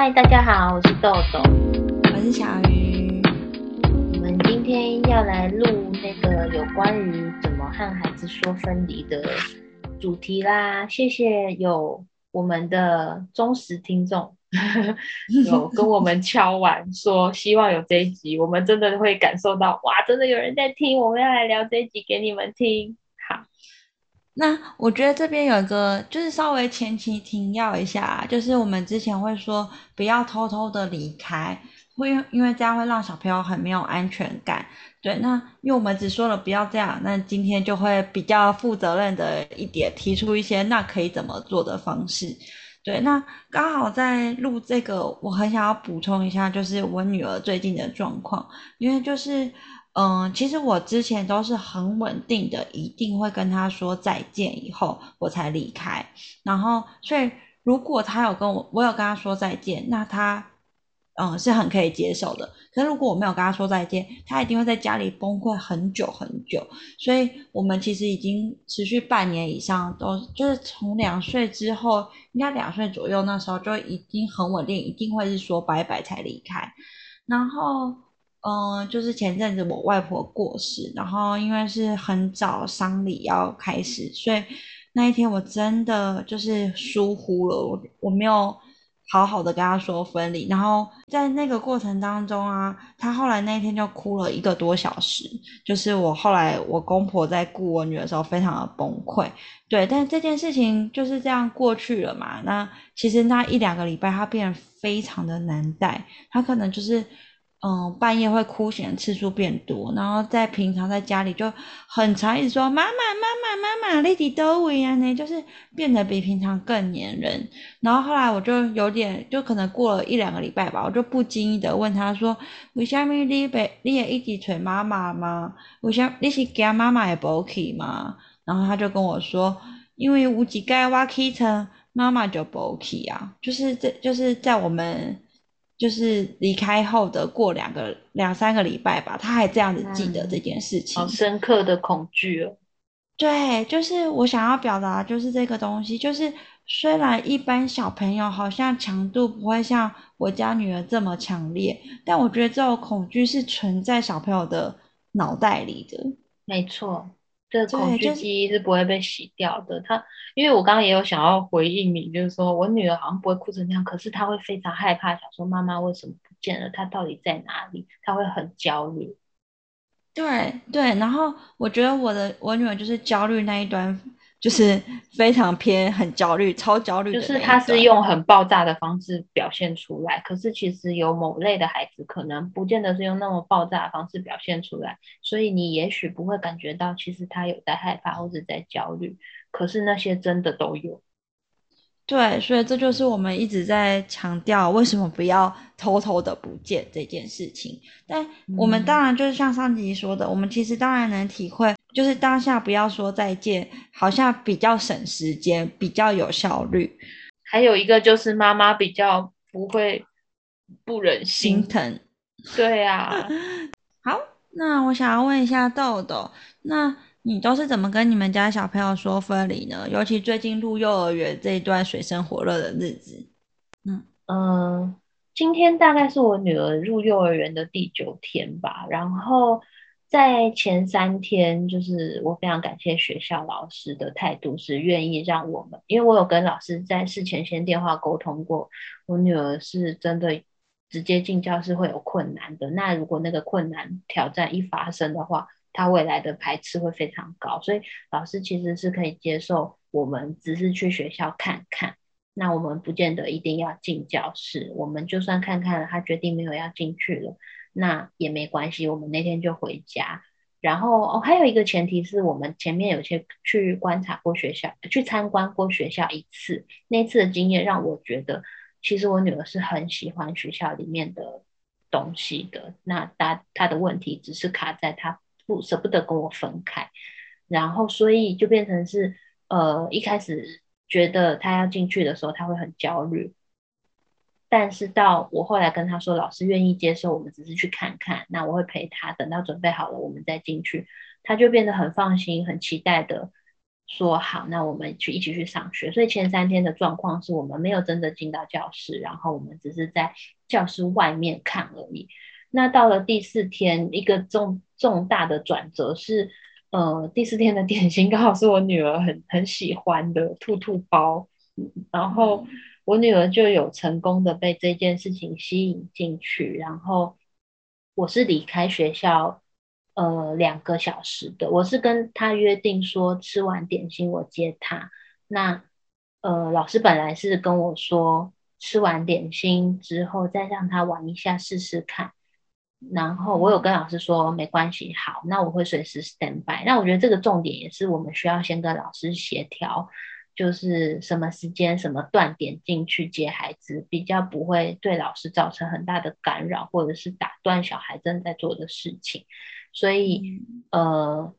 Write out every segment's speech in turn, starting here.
嗨，大家好，我是豆豆，我是小魚，我們今天要來錄那個有關於怎麼和孩子說分離的主題啦。謝謝有我們的忠實聽眾 有跟我們敲完說希望有這一集， 我們真的會感受到哇，真的有人在聽，我們要來聊這一集給你們聽，好。那我覺得這邊有一個，就是稍微前情提要一下，啊，就是我們之前會說不要偷偷的離開，會因為這樣會讓小朋友很沒有安全感。對，那因為我們只說了不要這樣，那今天就會比較負責任的一點，提出一些那可以怎麼做的方式。對，那剛好在錄這個，我很想要補充一下，就是我女兒最近的狀況，因為就是。嗯，其實我之前都是很穩定的，一定會跟他說再見以後我才離開。然後，所以如果他有跟我，我有跟他說再見，那他嗯是很可以接受的。可是如果我沒有跟他說再見，他一定會在家裡崩潰很久很久。所以，我們其實已經持續半年以上都，都就是從兩歲之後，應該兩歲左右那時候就已經很穩定，一定會是說拜拜才離開。然後。嗯、呃，就是前陣子我外婆過世，然後因為是很早喪禮要開始，所以那一天我真的就是疏忽了，我我沒有好好的跟她說分離。然後在那個過程當中啊，她後來那一天就哭了一個多小時。就是我後來我公婆在顧我女兒的時候非常的崩潰，對。但是這件事情就是這樣過去了嘛。那其實那一兩個禮拜她變得非常的難帶，她可能就是。嗯，半夜會哭醒次數變多，然後在平常在家裡就很常一直說媽媽媽媽媽媽，你佇倒位啊？呢，就是變得比平常更黏人。然後後來我就有點，就可能過了一兩個禮拜吧，我就不經意的問他說，為什麼你白你也一直找媽媽嗎？為啥你是給媽媽也不 OK 嗎？然後他就跟我說，因為無有一屆我起床，媽媽就不 OK 啊，就是這就是在我們。就是離開後的過兩個兩三個禮拜吧，他還這樣子記得這件事情。嗯，好深刻的恐懼哦！對，就是我想要表達，就是這個東西，就是雖然一般小朋友好像強度不會像我家女兒這麼強烈，但我覺得這種恐懼是存在小朋友的腦袋裡的。沒錯。這個、恐懼記憶是不會被洗掉的。她、就是，因為我剛剛也有想要回應你，就是說我女兒好像不會哭成這樣，可是她會非常害怕，想說媽媽為什麼不見了？她到底在哪裡？她會很焦慮。對對，然後我覺得我的我女兒就是焦慮那一段。就是非常偏，很焦慮，超焦慮。就是他是用很爆炸的方式表現出來，可是其實有某類的孩子可能不見得是用那麼爆炸的方式表現出來，所以你也許不會感覺到其實他有在害怕或者在焦慮，可是那些真的都有。對，所以這就是我們一直在強調為什麼不要偷偷的不見這件事情。但我們當然就是像上集說的、嗯，我們其實當然能體會。就是當下不要說再見，好像比較省時間，比較有效率。還有一個就是媽媽比較不會不忍心、心疼。對呀，啊。 好，那我想要問一下豆豆，那你都是怎麼跟你們家小朋友說分離呢？尤其最近入幼兒園這一段水深火熱的日子。嗯嗯、呃，今天大概是我女兒入幼兒園的第九天吧，然後。在前三天，就是我非常感謝學校老師的態度，是願意讓我們，因為我有跟老師在事前先電話溝通過，我女兒是真的直接進教室會有困難的。那如果那個困難挑戰一發生的話，她未來的排斥會非常高，所以老師其實是可以接受我們只是去學校看看，那我們不見得一定要進教室，我們就算看看了，她決定沒有要進去了。那也沒關係，我們那天就回家。然後哦，還有一個前提是我們前面有些去觀察過學校，去參觀過學校一次，那次的經驗讓我覺得，其實我女兒是很喜歡學校裡面的東西的。那她她的問題只是卡在她不舍不得跟我分開，然後所以就變成是呃一開始覺得她要進去的時候，她會很焦慮。但是到我後來跟他說，老師願意接受我們，只是去看看。那我會陪他，等到準備好了，我們再進去。他就變得很放心、很期待的說：“好，那我們去一起去上學。”所以前三天的狀況是我們沒有真的進到教室，然後我們只是在教室外面看而已。那到了第四天，一個重重大的轉折是，呃，第四天的點心剛好是我女兒很很喜歡的兔兔包，嗯、然後。我女兒就有成功的被這件事情吸引進去，然後我是離開學校呃兩個小時的，我是跟她約定說，吃完點心我接她。那呃老師本來是跟我說，吃完點心之後再讓她玩一下試試看，然後我有跟老師說沒關係，好，那我會隨時 stand by。那我覺得這個重點也是我們需要先跟老師協調。就是什麼時間、什麼斷點進去接孩子，比較不會對老師造成很大的干擾，或者是打斷小孩正在做的事情。所以，嗯、呃，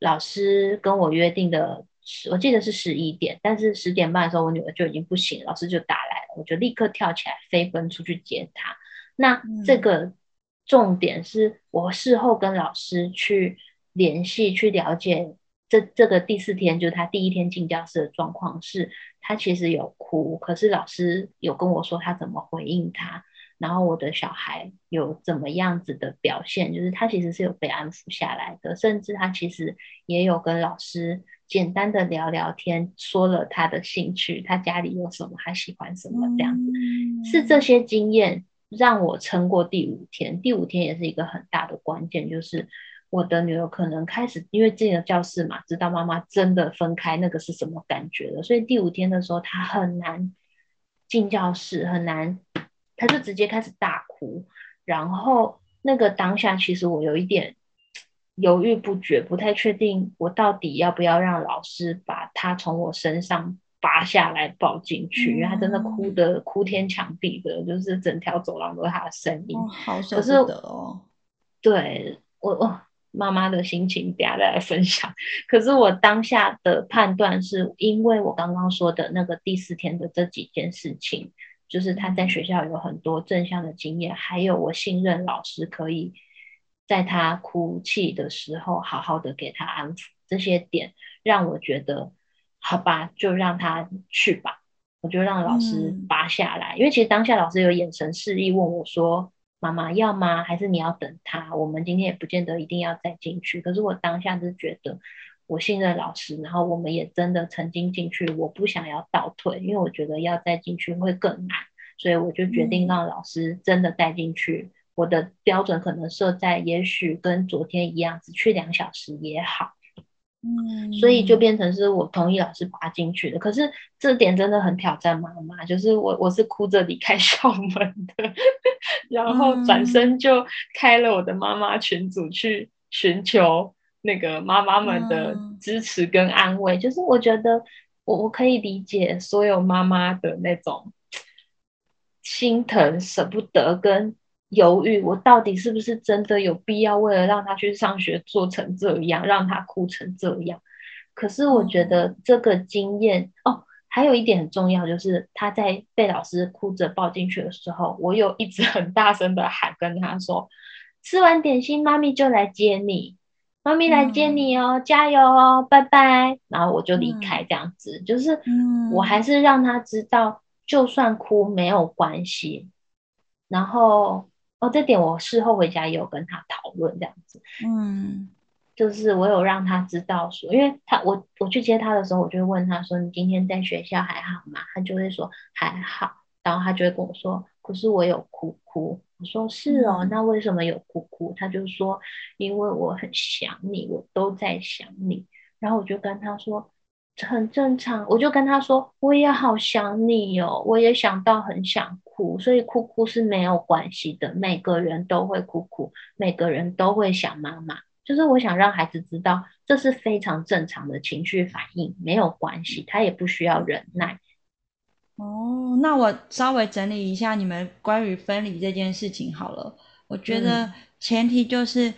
老師跟我約定的，我記得是十一點，但是十點半的時候，我女兒就已經不行，老師就打來了，我就立刻跳起來，飛奔出去接他。那、嗯、這個重點是，我事後跟老師去聯繫，去了解。這這個第四天，就是他第一天進教室的狀況是，他其實有哭，可是老師有跟我說他怎麼回應他，然後我的小孩有怎麼樣子的表現，就是他其實是有被安撫下來的，甚至他其實也有跟老師簡單的聊聊天，說了他的興趣，他家裡有什麼，他喜歡什麼，嗯，這樣子，是這些經驗讓我撐過第五天，第五天也是一個很大的關鍵，就是。我的女兒可能開始，因為進了教室嘛，知道媽媽真的分開那個是什麼感覺了，所以第五天的時候，她很難進教室，很難，她就直接開始大哭。然後那個當下，其實我有一點猶豫不決，不太確定我到底要不要讓老師把她從我身上拔下來抱進去、嗯，因為她真的哭的哭天搶地的，就是整條走廊都是她的聲音。好捨不得哦。可是，對我我。我媽媽的心情，等一下來分享。可是我當下的判斷是，因為我剛剛說的那個第四天的這幾件事情，就是他在學校有很多正向的經驗，還有我信任老師可以在他哭泣的時候好好的給他安撫，這些點讓我覺得，好吧，就讓他去吧，我就讓老師拔下來、嗯。因為其實當下老師有眼神示意問我說。媽媽要嗎？還是你要等他？我們今天也不見得一定要再進去。可是我當下就覺得，我信任老師，然後我們也真的曾經進去，我不想要倒退，因為我覺得要再進去會更難，所以我就決定讓老師真的帶進去。嗯、我的標準可能設在，也許跟昨天一樣，只去兩小時也好。嗯，所以就變成是我同意老師拔進去的，嗯，可是這點真的很挑戰媽媽，就是我我是哭着離開校門的， 然後轉身就開了我的媽媽群組去尋求那個媽媽們的支持跟安慰，嗯，就是我覺得我我可以理解所有媽媽的那種心疼、捨不得跟。猶豫，我到底是不是真的有必要為了讓他去上學做成這樣，讓他哭成這樣？可是我覺得這個經驗、嗯、哦，還有一點很重要，就是他在被老師哭着抱進去的時候，我有一直很大聲的喊跟他說：“吃完點心，媽咪就來接你，媽咪來接你哦、嗯，加油哦，拜拜。”然後我就離開這樣子、嗯，就是我還是讓他知道，就算哭沒有關係，然後。哦，這點我事後回家也有跟他討論這樣子，嗯，就是我有讓他知道說，因為他我我去接他的時候，我就問他說：“你今天在學校還好嗎？”他就會說：“還好。”然後他就會跟我說：“可是我有哭哭。”我說：“是哦，那為什麼有哭哭？”他就說：“因為我很想你，我都在想你。”然後我就跟他說。很正常，我就跟他說，我也好想你哦，我也想到很想哭，所以哭哭是沒有關係的，每個人都會哭哭，每個人都會想媽媽，就是我想讓孩子知道，這是非常正常的情緒反應，沒有關係，他也不需要忍耐。哦，那我稍微整理一下你們關於分離這件事情好了，我覺得前提就是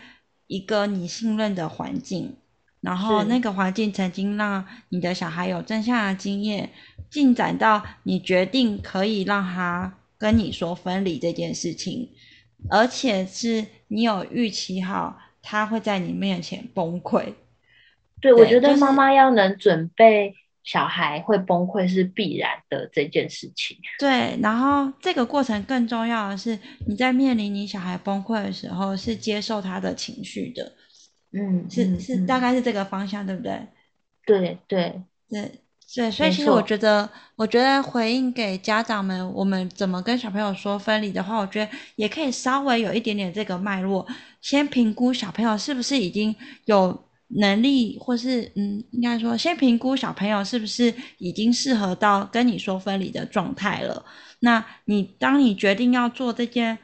一個你信任的環境。然後那個環境曾經讓你的小孩有正向的經驗，進展到你決定可以讓他跟你說分離這件事情，而且是你有預期好他會在你面前崩潰，對。對，我覺得媽媽要能準備小孩會崩潰是必然的這件事情。就是，對，然後這個過程更重要的是，你在面臨你小孩崩潰的時候，是接受他的情緒的。嗯，是是，大概是這個方向，對不對？對對對對，所以其實我覺得，我覺得回應給家長們，我們怎麼跟小朋友說分離的話，我覺得也可以稍微有一點點這個脈絡，先評估小朋友是不是已經有能力，或是嗯，應該說先評估小朋友是不是已經適合到跟你說分離的狀態了。那你當你決定要做這件。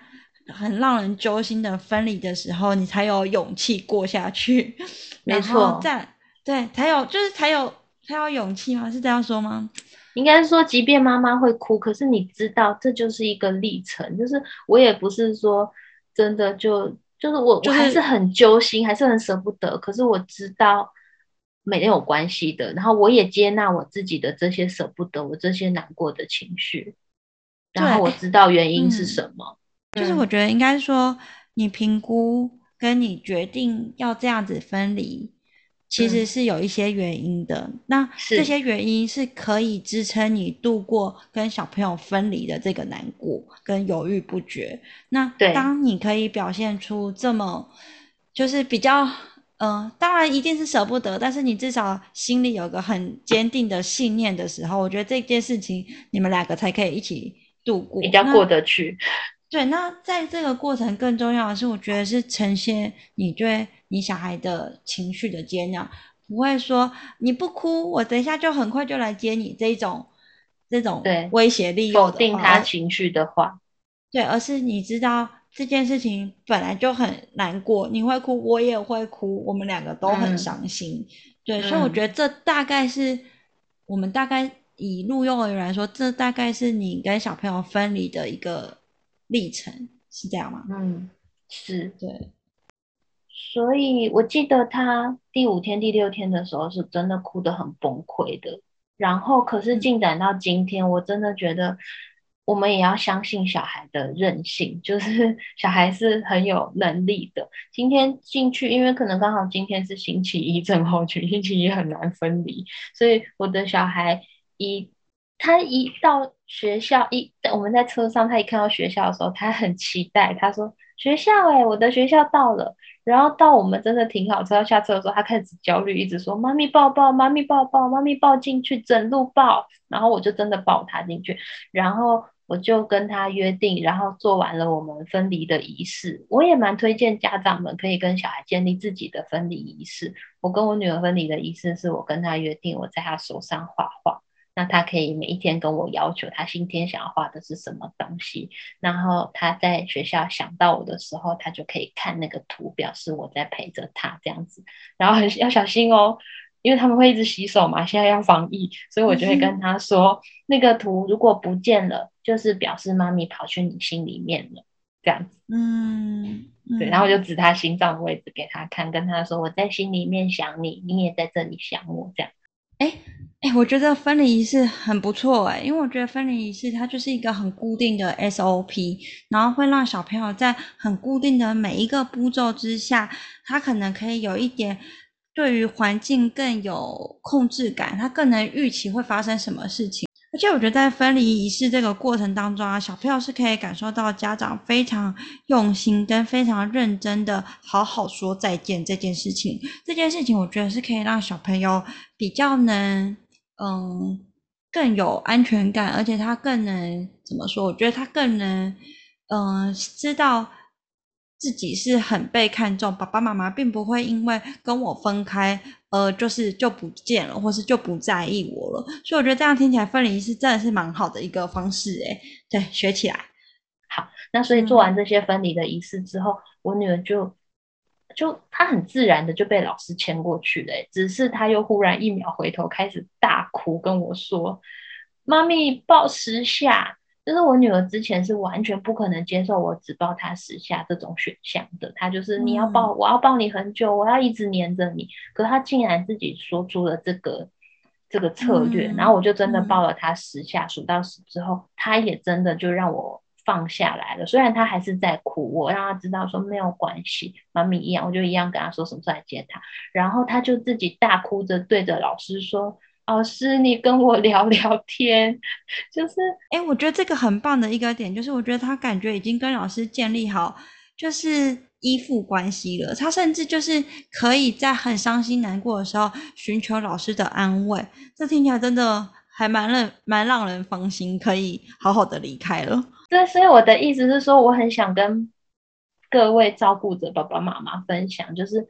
很讓人揪心的分離的時候，你才有勇氣過下去。沒錯，再對才有就是才有才有勇氣嘛？是這樣說嗎？應該說，即便媽媽會哭，可是你知道，這就是一個歷程。就是我也不是說真的就就是我,就還我還是很揪心，還是很舍不得。可是我知道沒有關係的。然後我也接納我自己的這些捨不得，我這些難過的情緒。然後我知道原因是什麼。欸嗯就是我覺得應該說，你評估跟你決定要這樣子分離，其實是有一些原因的。嗯、那這些原因是可以支撐你度過跟小朋友分離的這個難過跟猶豫不決。那當你可以表現出這麼，就是比較，嗯、呃，當然一定是舍不得，但是你至少心裡有個很堅定的信念的時候，我覺得這件事情你們兩個才可以一起度過，比較過得去。對，那在這個過程更重要的是，我覺得是呈現你對你小孩的情緒的接納，不會說你不哭，我等一下就很快就來接你這種這種對威脅利誘的否定他情緒的話，對，而是你知道這件事情本來就很難過，你會哭，我也會哭，我們兩個都很傷心。嗯、對、嗯，所以我覺得這大概是我們大概以入幼兒園來說，這大概是你跟小朋友分離的一個。歷程是這樣嗎？嗯，是，對。所以我記得他第五天、第六天的時候，是真的哭得很崩潰的。然後，可是進展到今天，我真的覺得我們也要相信小孩的韌性，就是小孩是很有能力的。今天進去，因為可能剛好今天是星期一後去，正好全星期一很難分離，所以我的小孩一他一到。學校一，我們在車上，他一看到學校的時候，他很期待。他說：“學校哎、欸，我的學校到了。”然後到我們真的停好車，到下車的時候，他開始焦慮，一直說：“媽咪抱抱，媽咪抱抱，媽咪抱，抱，媽咪抱進去，整路抱。”然後我就真的抱他進去。然後我就跟他約定，然後做完了我們分離的儀式。我也蠻推薦家長們可以跟小孩建立自己的分離儀式。我跟我女兒分離的儀式是我跟他約定，我在他手上畫畫。那他可以每一天跟我要求，他今天想要畫的是什麼東西。然後他在學校想到我的時候，他就可以看那個圖，表示我在陪着他這樣子。然後很要小心哦，因為他們會一直洗手嘛，現在要防疫，所以我就會跟他說，嗯、那個圖如果不見了，就是表示媽咪跑去你心裡面了這樣子。嗯，對，然後我就指他心臟的位置給他看。嗯，跟他說我在心裡面想你，你也在這裡想我這樣。哎哎，我覺得分離儀式很不錯哎，因為我覺得分離儀式它就是一個很固定的 SOP，然後會讓小朋友在很固定的每一個步驟之下，他可能可以有一點對於環境更有控制感，他更能預期會發生什麼事情。而且我覺得，在分離儀式這個過程當中啊，小朋友是可以感受到家長非常用心跟非常認真的好好說再見這件事情。這件事情，我覺得是可以讓小朋友比較能，嗯，更有安全感，而且他更能怎麼說？我覺得他更能，嗯，知道自己是很被看重。爸爸媽媽並不會因為跟我分開。呃，就是就不見了，或是就不在意我了，所以我覺得這樣聽起來分離儀式，真的是蠻好的一個方式，欸，誒，對，學起來。好，那所以做完這些分離的儀式之後，嗯、我女兒就就她很自然的就被老師牽過去了，欸，只是她又忽然一秒回頭開始大哭，跟我說：“媽咪抱十下。”就是我女兒之前是完全不可能接受我只抱她十下這種選項的，她就是你要抱、嗯，我要抱你很久，我要一直黏着你。可她竟然自己說出了這個這個策略、嗯，然後我就真的抱了她十下、嗯，數到十之後，她也真的就讓我放下來了。雖然她還是在哭，我讓她知道說沒有關係，媽咪一樣，我就一樣跟她說什麼時候來接她，然後她就自己大哭着對着老師說。老師，你跟我聊聊天，就是，哎、欸，我覺得這個很棒的一個點，就是我覺得他感覺已經跟老師建立好，就是依附關係了。他甚至就是可以在很傷心難過的時候尋求老師的安慰。這聽起來真的還蠻讓蠻讓人放心，可以好好的離開了。對，所以我的意思是說，我很想跟各位照顧着爸爸媽媽分享，就是。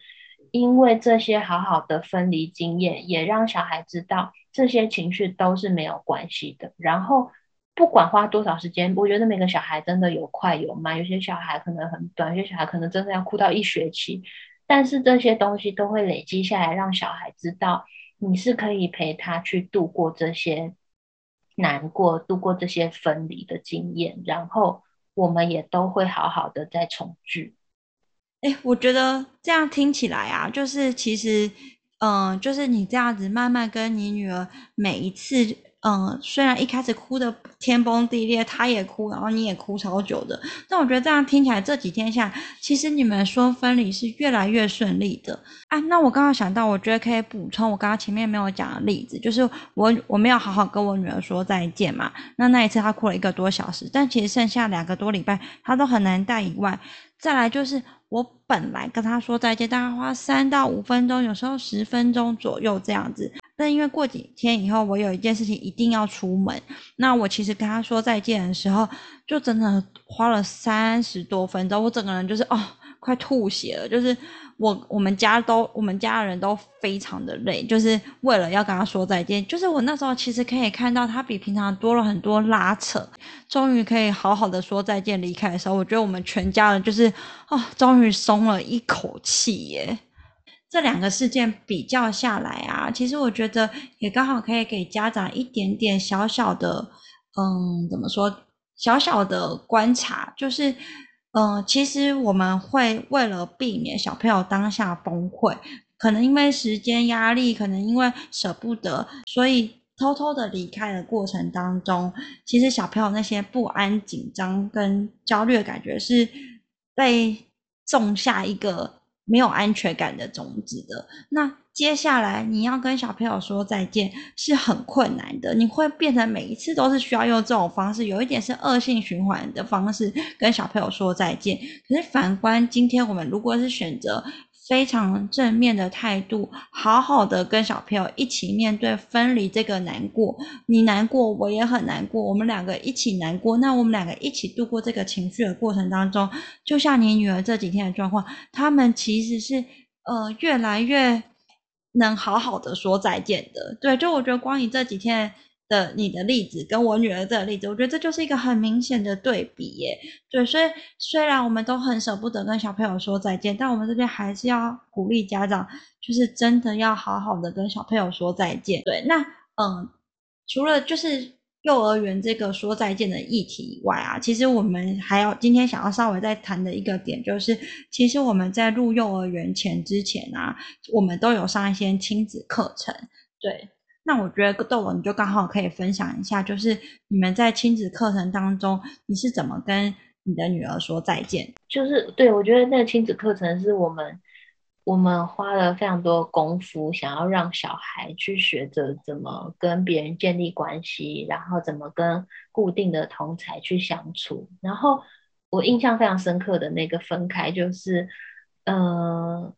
因為這些好好的分離經驗，也讓小孩知道這些情緒都是沒有關係的。然後，不管花多少時間，我覺得每個小孩真的有快有慢，有些小孩可能很短，有些小孩可能真的要哭到一學期。但是這些東西都會累積下來，讓小孩知道你是可以陪他去度過這些難過，度過這些分離的經驗。然後，我們也都會好好的再重聚。哎、欸，我覺得這樣聽起來啊，就是其實，嗯、呃，就是你這樣子慢慢跟你女兒每一次，嗯、呃，雖然一開始哭得天崩地裂，她也哭，然後你也哭超久的，但我覺得這樣聽起來，這幾天下，其實你們說分離是越來越順利的啊。那我剛剛想到，我覺得可以補充我剛剛前面沒有講的例子，就是我我沒有好好跟我女兒說再見嘛，那那一次她哭了一個多小時，但其實剩下兩個多禮拜她都很難帶以外，再來就是。我本來跟他說再見，大概花三到五分鐘，有時候十分鐘左右這樣子。但因為過幾天以後我有一件事情一定要出門，那我其實跟他說再見的時候，就真的花了三十多分鐘，我整個人就是哦。快吐血了，就是我我們家都我們家的人都非常的累，就是為了要跟他說再見。就是我那時候其實可以看到他比平常多了很多拉扯，終於可以好好的說再見，離開的時候，我覺得我們全家人就是啊、哦，終於鬆了一口氣耶。這兩個事件比較下來啊，其實我覺得也剛好可以給家長一點點小小的，嗯，怎麼說，小小的觀察，就是。嗯、呃，其實我們會為了避免小朋友當下崩潰，可能因為時間壓力，可能因為捨不得，所以偷偷的離開的過程當中，其實小朋友那些不安、緊張跟焦慮的感覺是被種下一個沒有安全感的種子的。那。接下來你要跟小朋友說再見是很困難的，你會變成每一次都是需要用這種方式，有一點是惡性循環的方式跟小朋友說再見。可是反觀今天我們如果是選擇非常正面的態度，好好的跟小朋友一起面對分離這個難過，你難過我也很難過，我們兩個一起難過，那我們兩個一起度過這個情緒的過程當中，就像你女兒這幾天的狀況，他們其實是，呃，越來越。能好好的說再見的，對，就我覺得，光你這幾天的你的例子，跟我女兒這個例子，我覺得這就是一個很明顯的對比耶。對，所以雖然我們都很舍不得跟小朋友說再見，但我們這邊還是要鼓勵家長，就是真的要好好的跟小朋友說再見。對，那嗯，除了就是。幼兒園這個說再見的議題以外啊，其實我們還要今天想要稍微再談的一個點，就是其實我們在入幼兒園前之前啊，我們都有上一些親子課程。對，那我覺得豆豆你就剛好可以分享一下，就是你們在親子課程當中你是怎麼跟你的女兒說再見？就是對我覺得那個親子課程是我們。我們花了非常多功夫，想要讓小孩去學着怎麼跟別人建立關係，然後怎麼跟固定的同儕去相處。然後我印象非常深刻的那個分開，就是，呃，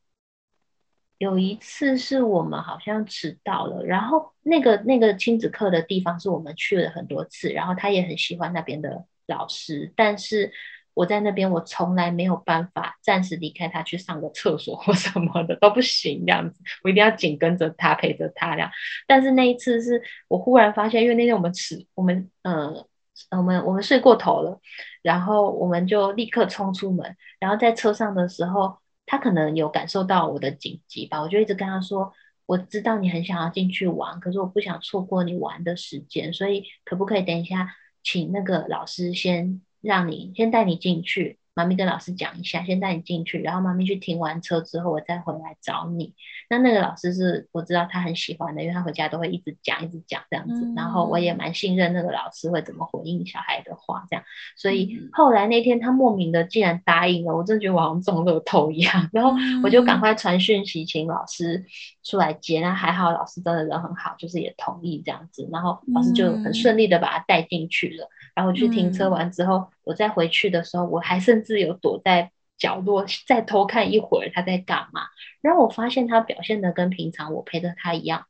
有一次是我們好像遲到了，然後那個那個親子課的地方是我們去了很多次，然後他也很喜歡那邊的老師，但是，我在那邊，我從來沒有辦法暫時離開他去上個廁所或什麼的都不行，這樣子我一定要緊跟着他，陪着他這樣。但是那一次是我忽然發現，因為那天我們遲，我們呃，我們我們睡過頭了，然後我們就立刻衝出門，然後在車上的時候，他可能有感受到我的緊急吧，我就一直跟他說，我知道你很想要進去玩，可是我不想錯過你玩的時間，所以可不可以等一下，請那個老師先。讓你先帶你進去，媽咪跟老師講一下，先帶你進去，然後媽咪去停完車之後，我再回來找你。那那個老師是我知道他很喜歡的，因為他回家都會一直講一直講這樣子，嗯，然後我也蠻信任那個老師會怎麼回應小孩的話，這樣。所以後來那天他莫名的竟然答應了，我真的覺得我好像中了頭一樣，然後我就趕快傳訊息請老師。出來接，那還好老師真的人很好，就是也同意這樣子，然後老師就很順利的把他帶進去了。嗯、然後去停車完之後，我再回去的時候，嗯、我還甚至有躲在角落再偷看一會兒他在幹嘛。然後我發現他表現得跟平常我陪着他一樣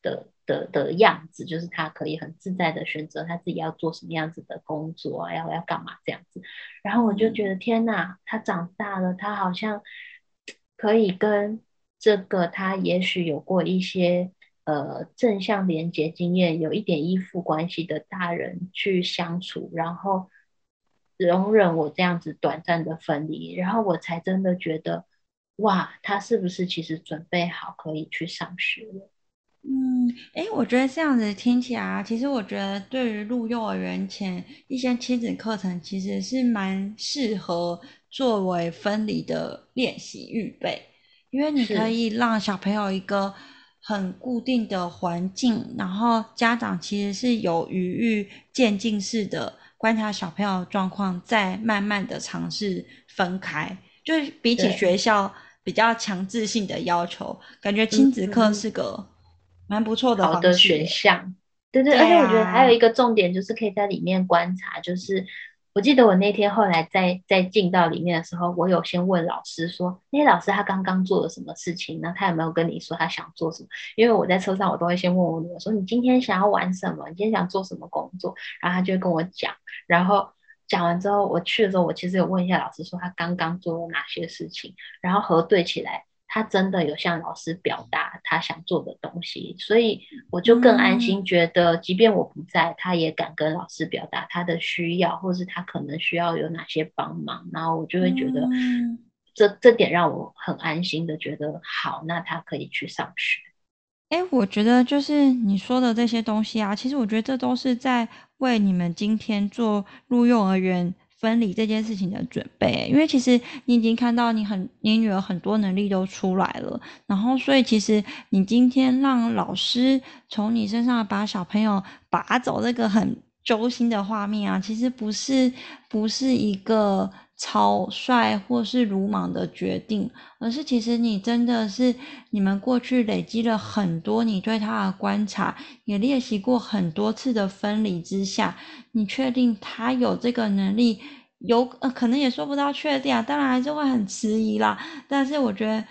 的的的樣子，就是他可以很自在的選擇他自己要做什麼樣子的工作然、啊、要要幹嘛這樣子。然後我就覺得、嗯、天哪，他長大了，他好像可以跟。這個他也許有過一些呃正向連接經驗，有一點依附關係的大人去相處，然後容忍我這樣子短暫的分離，然後我才真的覺得，哇，他是不是其實準備好可以去上學了？嗯，哎，我覺得這樣子聽起來，其實我覺得對於入幼兒園前一些親子課程，其實是蠻適合作為分離的練習預備。因為你可以讓小朋友一個很固定的環境，然後家長其實是有循序漸進式的觀察小朋友的狀況，再慢慢的嘗試分開。就是比起學校比較強制性的要求，感覺親子課是個蠻不錯的好的選項。對對，對啊，而且我覺得還有一個重點就是可以在裡面觀察，就是。我記得我那天後來在在進到裡面的時候，我有先問老師說：“那些老師他剛剛做了什麼事情呢？那他有沒有跟你說他想做什麼？”因為我在車上我都會先問問我說：“你今天想要玩什麼？你今天想做什麼工作？”然後他就跟我講，然後講完之後，我去的時候我其實有問一下老師說他剛剛做了哪些事情，然後核對起來。他真的有向老師表達他想做的東西，所以我就更安心，覺得即便我不在，嗯、他也敢跟老師表達他的需要，或者是他可能需要有哪些幫忙，然後我就會覺得這，這、嗯、這點讓我很安心的覺得好，那他可以去上學。誒、欸，我覺得就是你說的這些東西啊，其實我覺得這都是在為你們今天做入幼兒園分離這件事情的準備，因為其實你已經看到你很，你女兒很多能力都出來了，然後所以其實你今天讓老師從你身上把小朋友拔走這個很揪心的畫面啊，其實不是不是一個。草率或是魯莽的決定，而是其實你真的是你們過去累積了很多你對他的觀察，也練習過很多次的分離之下，你確定他有這個能力，有呃可能也說不到確定啊，當然還是會很遲疑啦。但是我覺得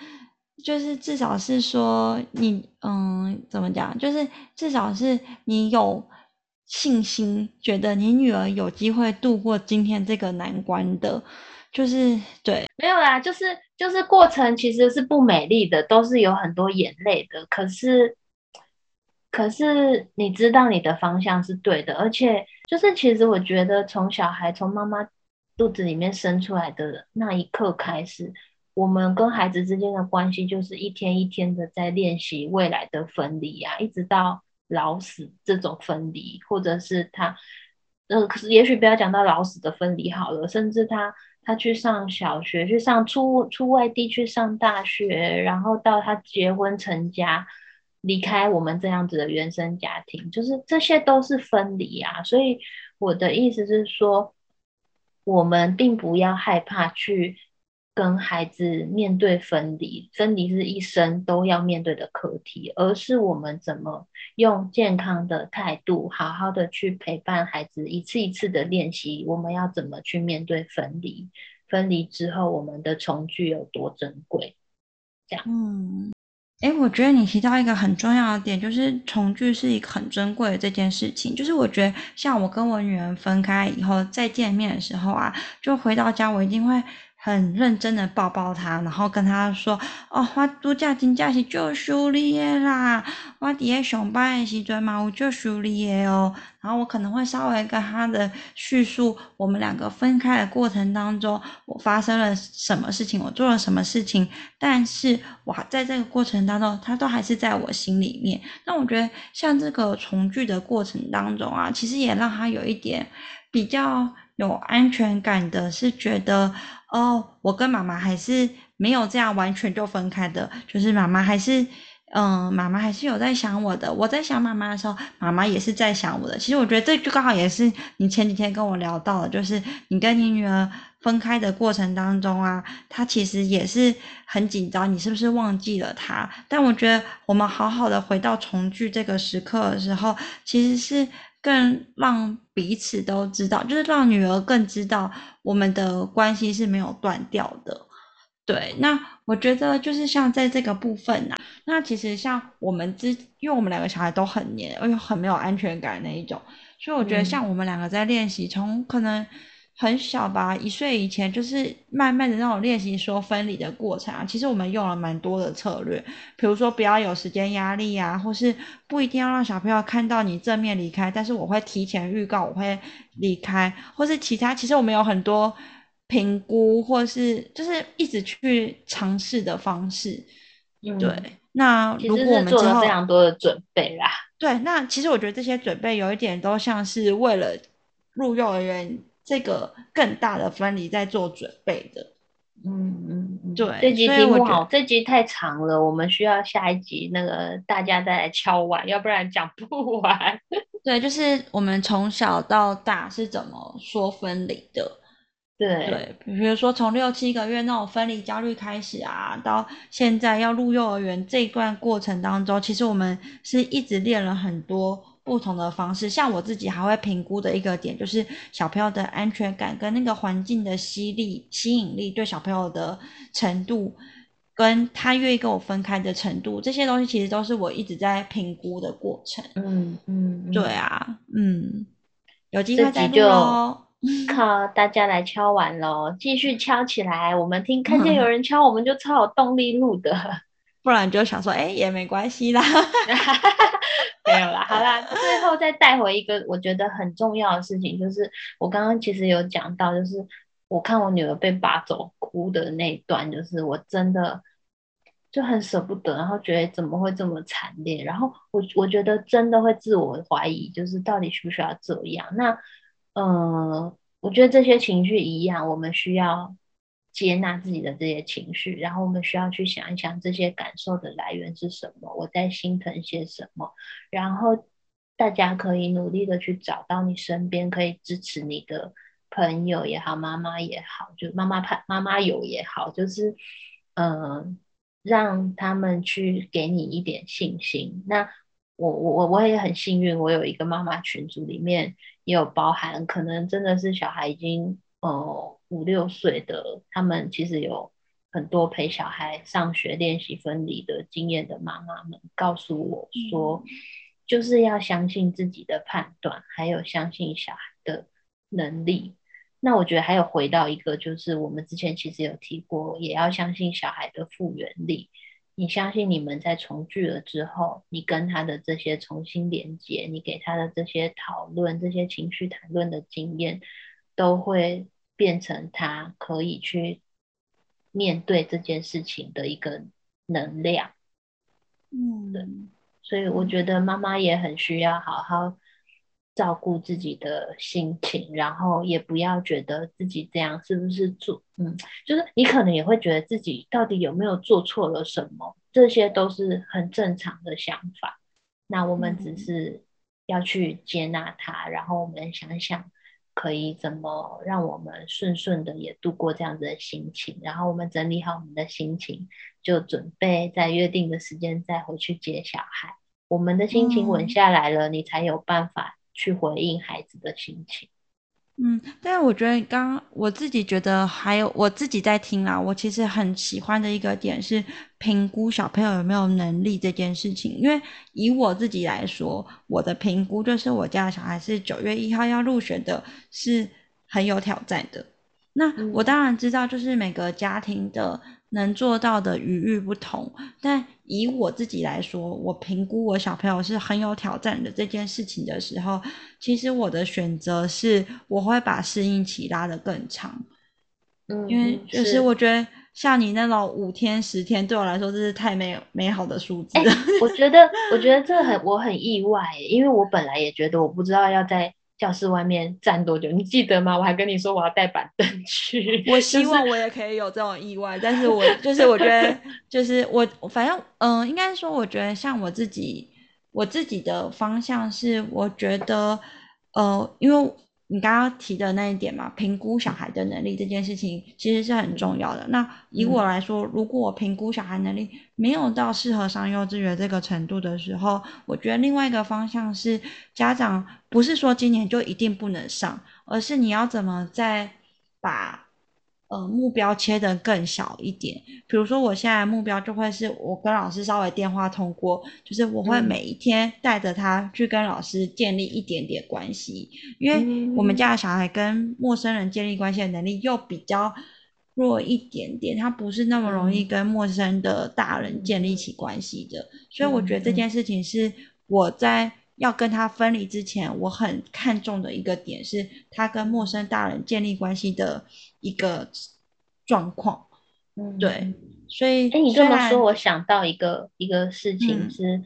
就是至少是說你嗯怎麼講，就是至少是你有。信心覺得你女兒有機會度過今天這個難關的，就是對，沒有啦，就是就是過程其實是不美麗的，都是有很多眼淚的。可是，可是你知道你的方向是對的，而且就是其實我覺得從小孩從媽媽肚子裡面生出來的那一刻開始，我們跟孩子之間的關係就是一天一天的在練習未來的分離啊，一直到。老死這種分離，或者是他，嗯、呃，可是也許不要講到老死的分離好了，甚至他他去上小學，去上出出外地去上大學，然後到他結婚成家，離開我們這樣子的原生家庭，就是這些都是分離啊。所以我的意思是說，我們並不要害怕去。跟孩子面對分離，分離是一生都要面對的課題，而是我們怎麼用健康的態度，好好的去陪伴孩子，一次一次的練習，我們要怎麼去面對分離？分離之後，我們的重聚有多珍貴？這樣，嗯，誒，我覺得你提到一個很重要的點，就是重聚是一個很珍貴的這件事情。就是我覺得，像我跟我女兒分開以後再見面的時候啊，就回到家，我一定會。很認真的抱抱他，然後跟他說：“哦，花多假金假錢就贖你業啦，我佇誒上班誒時陣嘛我就贖你業哦。”然後我可能會稍微跟他的敘述，我們兩個分開的過程當中，我發生了什麼事情，我做了什麼事情，但是我在這個過程當中，他都還是在我心裡面。那我覺得像這個重聚的過程當中啊，其實也讓他有一點比較。有安全感的，是覺得哦，我跟媽媽還是沒有這樣完全就分開的，就是媽媽還是嗯，媽媽還是有在想我的。我在想媽媽的時候，媽媽也是在想我的。其實我覺得這就剛好也是你前幾天跟我聊到的，就是你跟你女兒分開的過程當中啊，她其實也是很緊張。你是不是忘記了她？但我覺得我們好好的回到重聚這個時刻的時候，其實是。更讓彼此都知道，就是讓女兒更知道我們的關係是沒有斷掉的。對，那我覺得就是像在這個部分啊，那其實像我們之，因為我們兩個小孩都很黏，又很沒有安全感那一種，所以我覺得像我們兩個在練習，從、嗯、可能。很小吧，一歲以前就是慢慢的那種練習說分離的過程啊。其實我們用了蠻多的策略，比如說不要有時間壓力啊，或是不一定要讓小朋友看到你正面離開，但是我會提前預告我會離開，或是其他。其實我們有很多評估，或是就是一直去嘗試的方式。嗯，對。那如果我們做了非常多的準備啦，對，那其實我覺得這些準備有一點都像是為了入幼兒園這個更大的分離在做準備的。嗯嗯，對。這集題目好，這集太長了，我們需要下一集那個大家再來敲碗，要不然講不完。對，就是我們從小到大是怎麼說分離的？對對，比如說從六七個月那種分離焦慮開始啊，到現在要入幼兒園這段過程當中，其實我們是一直練了很多。不同的方式，像我自己還會評估的一個點，就是小朋友的安全感跟那個環境的吸力、吸引力對小朋友的程度，跟他願意跟我分開的程度，這些東西其實都是我一直在評估的過程。嗯嗯，對啊，嗯，有機會就靠大家來敲碗嘍， 繼續敲起來。我們聽，看見有人敲，嗯、我們就超有動力錄的，不然就想說，哎、欸，也沒關係啦。 沒有啦，好啦，最後再帶回一個我覺得很重要的事情，就是我剛剛其實有講到，就是我看我女兒被拔走哭的那一段，就是我真的就很捨不得，然後覺得怎麼會這麼慘烈，然後我我覺得真的會自我懷疑，就是到底需不需要這樣？那嗯，我覺得這些情緒一樣，我們需要。接納自己的這些情緒，然後我們需要去想一想這些感受的來源是什麼，我在心疼些什麼。然後大家可以努力的去找到你身邊可以支持你的朋友也好，媽媽也好，就媽媽怕媽媽有也好，就是嗯、呃，讓他們去給你一點信心。那我我我我也很幸運，我有一個媽媽群組，裡面也有包含，可能真的是小孩已經哦。呃五六歲的他們其實有很多陪小孩上學練習分離的經驗的媽媽們告訴我說，嗯，就是要相信自己的判斷，還有相信小孩的能力。那我覺得還有回到一個，就是我們之前其實有提過，也要相信小孩的復原力。你相信你們在重聚了之後，你跟他的這些重新連接，你給他的這些討論、這些情緒談論的經驗，都會。變成他可以去面對這件事情的一個能量，嗯，對，所以我覺得媽媽也很需要好好照顧自己的心情，然後也不要覺得自己這樣是不是做，嗯，就是你可能也會覺得自己到底有沒有做錯了什麼，這些都是很正常的想法。那我們只是要去接納他，嗯，然後我們想想。可以怎麼讓我們順順的也度過這樣子的心情？然後我們整理好我們的心情，就準備在約定的時間再回去接小孩。我們的心情穩下來了，嗯。你才有辦法去回應孩子的心情。嗯，但是我覺得剛剛我自己覺得還有我自己在聽啦，我其實很喜歡的一個點是評估小朋友有沒有能力這件事情，因為以我自己來說，我的評估就是我家的小孩是九月一號要入學的，是很有挑戰的。那我當然知道，就是每個家庭的。能做到的與日不同，但以我自己來說，我評估我小朋友是很有挑戰的這件事情的時候，其實我的選擇是，我會把適應期拉得更長，嗯，因為就是我覺得像你那種五天十天，對我來說真是太美美好的數字了，欸。我覺得，我覺得這很我很意外，因為我本來也覺得，我不知道要在。教室外面站多久？你記得嗎？我還跟你說我要帶板凳去。我希望我也可以有這種意外， 是但是我就是我覺得， 就是我反正嗯、呃，應該說我覺得像我自己，我自己的方向是，我覺得呃，因為。你剛剛提的那一點嘛，評估小孩的能力這件事情其實是很重要的。那以我來說，嗯、如果我評估小孩能力沒有到適合上幼稚園這個程度的時候，我覺得另外一個方向是家長不是說今年就一定不能上，而是你要怎麼再把。呃，目標切得更小一點，比如說，我現在目標就會是我跟老師稍微電話通過，就是我會每一天帶着他去跟老師建立一點點關係，因為我們家的小孩跟陌生人建立關係的能力又比較弱一點點，他不是那麼容易跟陌生的大人建立起關係的，所以我覺得這件事情是我在。要跟他分離之前，我很看重的一個點是他跟陌生大人建立關係的一個狀況。嗯，對，所以哎，欸、你這麼說，我想到一個一個事情是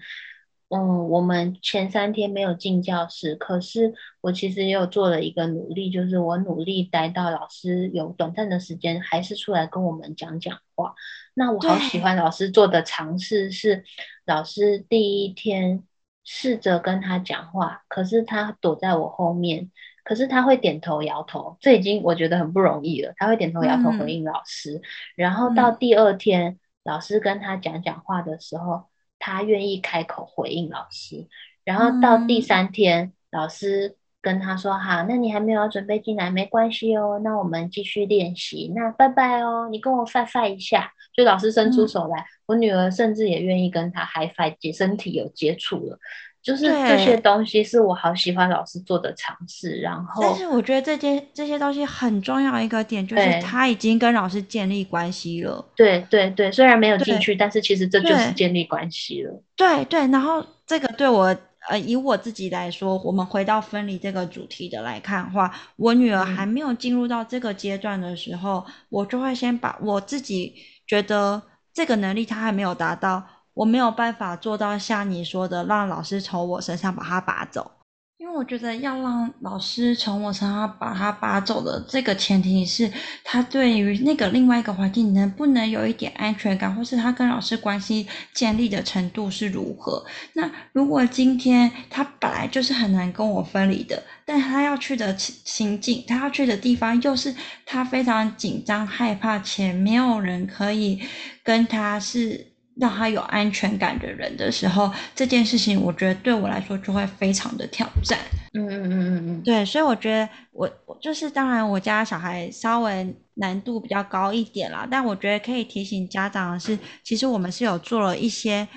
嗯，嗯，我們前三天沒有進教室，可是我其實也有做了一個努力，就是我努力待到老師有短暫的時間，還是出來跟我們講講話。那我好喜歡老師做的嘗試是，老師第一天。試着跟他講話，可是他躲在我後面，可是他會點頭搖頭，這已經我覺得很不容易了。他會點頭搖頭回應老師，嗯、然後到第二天、嗯、老師跟他講講話的時候，他願意開口回應老師，然後到第三天、嗯、老師跟他說好、嗯啊，那你還沒有要準備進來，沒關係哦，那我們繼續練習，那拜拜哦，你跟我 five five 一下，就老師伸出手來。嗯我女兒甚至也願意跟她 h i h f i e 身體有接觸了，就是這些東西是我好喜歡老師做的嘗試。然後，但是我覺得這些這些東西很重要一個點就是她已經跟老師建立關係了。對對對，對，雖然沒有進去，但是其實這就是建立關係了。對對，對，然後這個對我呃以我自己來說，我們回到分離這個主題的來看的話，我女兒還沒有進入到這個階段的時候、嗯，我就會先把我自己覺得。這個能力他還沒有達到，我沒有辦法做到像你說的，讓老師從我身上把他拔走。因為我覺得要讓老師從我身上把他拔走的這個前提，是他對於那個另外一個環境能不能有一點安全感，或是他跟老師關係建立的程度是如何。那如果今天他本來就是很難跟我分離的，但他要去的情境，他要去的地方，又是他非常緊張、害怕，且沒有人可以跟他是。讓他有安全感的人的時候，這件事情我覺得對我來說就會非常的挑戰。嗯嗯嗯嗯嗯，對，所以我覺得我我就是當然我家小孩稍微難度比較高一點啦，但我覺得可以提醒家長是，其實我們是有做了一些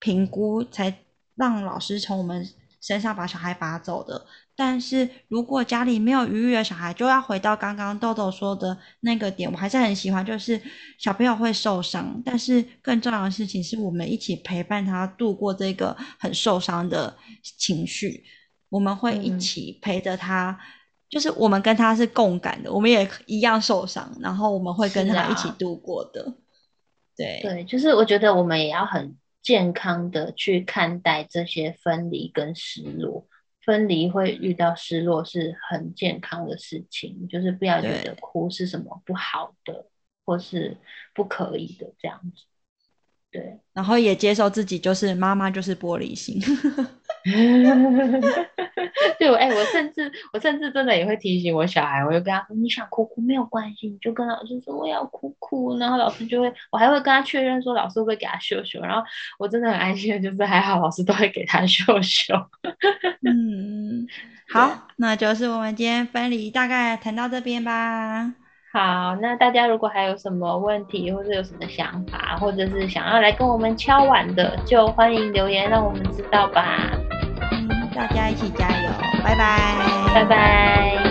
評估，才讓老師從我們身上把小孩拔走的。但是如果家裡沒有魚魚的小孩，就要回到剛剛豆豆說的那個點，我還是很喜歡，就是小朋友會受傷，但是更重要的事情是我們一起陪伴他度過這個很受傷的情緒，我們會一起陪着他，嗯，就是我們跟他是共感的，我們也一樣受傷，然後我們會跟他一起度過的、啊。對，對，就是我覺得我們也要很健康的去看待這些分離跟失落。分離會遇到失落是很健康的事情，就是不要覺得哭是什麼不好的或是不可以的這樣子。對，然後也接受自己就是媽媽，就是玻璃心。 對、欸，我甚至我甚至真的也會提醒我小孩，我就跟他說：“你想哭哭沒有關係，你就跟老師說我要哭哭。”然後老師就會，我還會跟他確認說老師會給他秀秀。然後我真的很安心，就是還好老師都會給他秀秀。 嗯，好，那就是我們今天分離大概談到這邊吧。好，那大家如果還有什麼問題，或者是有什麼想法，或者是想要來跟我們敲碗的，就歡迎留言讓我們知道吧。大家一起加油！拜拜，拜拜。